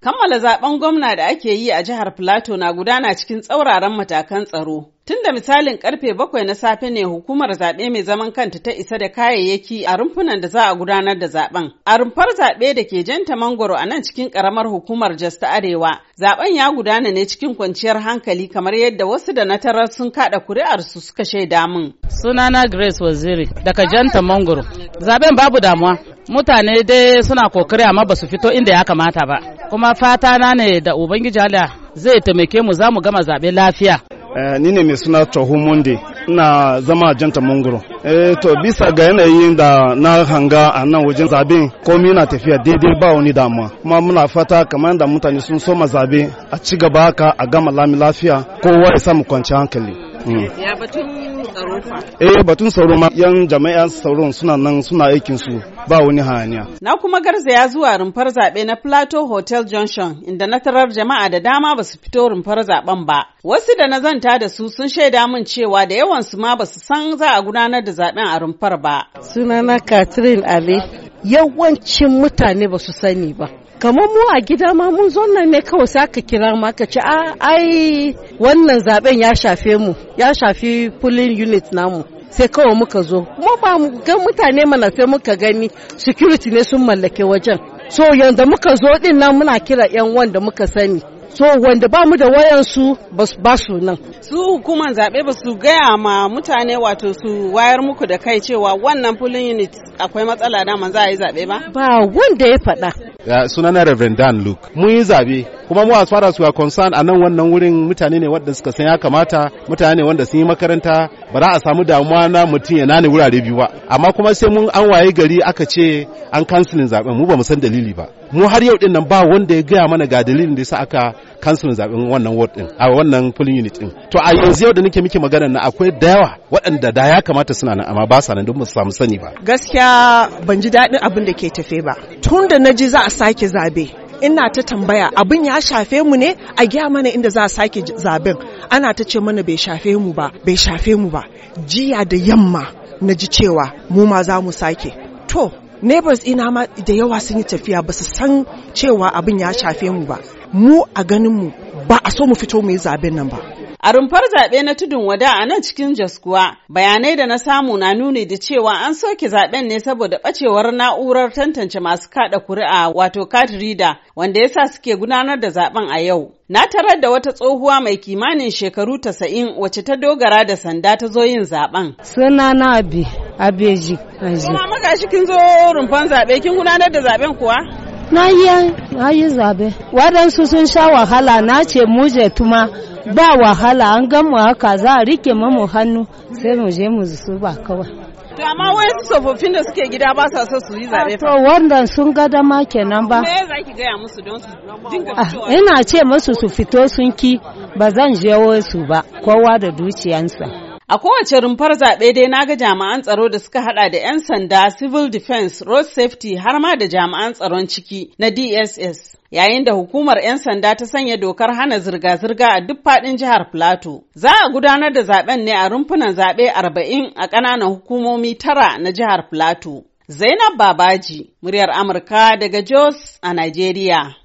Kammala zaben gwamna da ake yi a jihar Filato na gudana cikin tsauraran matakan tsaro. Tun da misalin karfe bakwai na safe ne hukumar zaɓe mai zaman kanta ta isa da kayayyaki a rumfunan da za a gudanar da zaben. A rumfar zaɓe da ke janta mangoro a nan cikin ƙaramar hukumar Jos ta Arewa, zaben ya gudana ne cikin kwanciyar hankali kamar yadda wasu da na sun kaɗa kuri'arsu suka shaida min. Sunana Grace Waziri daga janta mangoro. Zaben babu damuwa. mutane dai suna kokari amma ba su fito inda ya kamata ba kuma fata na ne da ubangiji Allah zai taimake mu za mu gama zaɓe lafiya eh, ni ne mai suna Tohu Monde ina zama janta mongoro eh to bisa ga yanayin da na hanga a nan wajen zabe komi na tafiya daidai ba wani damuwa kuma muna fata kamar da mutane sun soma zabe a ci gaba haka a gama lami lafiya kowa ya samu kwanciyar hankali mm. ya batun Eh batun sauro ma yan jama'a suna nan suna aikin su ba wani hayaniya. Na kuma garzaya zuwa rumfar zaɓe na Plateau Hotel Junction inda na tarar jama'a da dama ba su fito rumfar zaɓen ba. Wasu da na zanta da su sun shaida min cewa da yawan su ma ba su san za a gudanar da zaɓen a rumfar ba. Sunana Catherine Ali. Yawancin mutane ba su sani ba. kamar mu a gida ma mun zo nan ne kawai sai aka kira ma ka a ah, ai wannan zaben ya shafe mu ya shafi pulling unit namu sai kawai muka zo mu ba mu ga mutane mana sai muka gani security ne sun mallake wajen so yanda muka zo din nan muna kira yan wanda muka sani so wanda ba mu da wayansu ba su nan. Su hukumar zaɓe ba su gaya ma mutane wato su wayar muku da kai cewa wannan pulling unit akwai matsala dama za a yi zaɓe ba? Ba wanda ya faɗa. Eh, sunana Reverend Dan Luke. Mun yi zabe kuma mu as far as we are concerned a nan wannan wurin mutane ne wanda suka san ya kamata mutane ne wanda sun yi makaranta ba za a samu damuwa na mutum ya nane wurare biyu ba amma kuma sai mun an waye gari aka ce an kansilin zaben mu ba mu san dalili ba mu har yau din nan ba wanda ya gaya mana ga dalilin da yasa aka kansilin zaben wannan ward din a wannan polling unit din to a yanzu yau da nake miki magana na akwai da yawa waɗanda da ya kamata suna nan amma ba sa nan don mu samu sani ba gaskiya ban ji daɗin abin da ke tafe ba tun da na ji za a sake zabe ina ta tambaya abin ya shafe mu ne a gya mana inda za a sake zaben ana ta ce mana bai shafe mu ba bai shafe mu ba jiya da yamma na ji cewa mu ma za mu sake to neighbors ina ma da yawa sun yi tafiya ba su san cewa abin ya shafe mu ba mu a ganin mu ba a so mu fito mu yi zaben nan ba A rumfar zaɓe na tudun wada a nan cikin jaskuwa, bayanai da na samu na nuni da cewa an soke zaɓen ne saboda ɓacewar na'urar tantance masu kaɗa kuri'a wato card reader wanda yasa suke gudanar da zaɓen a yau. Na tarar da wata tsohuwa mai kimanin shekaru tasa'in wacce ta dogara da sanda ta zo yin zaɓen. Suna na abi, abeji. Kuma magashi kin zo rumfan zaɓe kin gudanar da zaɓen kuwa? na yi zabe waɗansu sun sha wahala na ce muje tuma ba wahala an gan mu haka za a rike mamu hannu sai mu je mu ba kawai amma wai su tsofaffin da suke gida ba sa so su yi zabe To wanda sun ga dama kenan ba. Me zaki gaya musu don su dinga ah, fitowa? Ina ce musu su fito sun ki ba zan je su ba kowa da dukiyansa. A kowace rumfar zaɓe dai na ga jami'an tsaro da suka hada da 'yan sanda, civil defense, road safety har ma da jami'an tsaron ciki na DSS. Yayin da hukumar 'yan sanda ta sanya dokar hana zirga-zirga a duk faɗin jihar Plateau. Za a gudanar da zaben ne a rumfunan zaɓe arba'in a ƙananan hukumomi tara na jihar Plateau. Zainab Babaji, muryar Amurka daga Jos a Najeriya.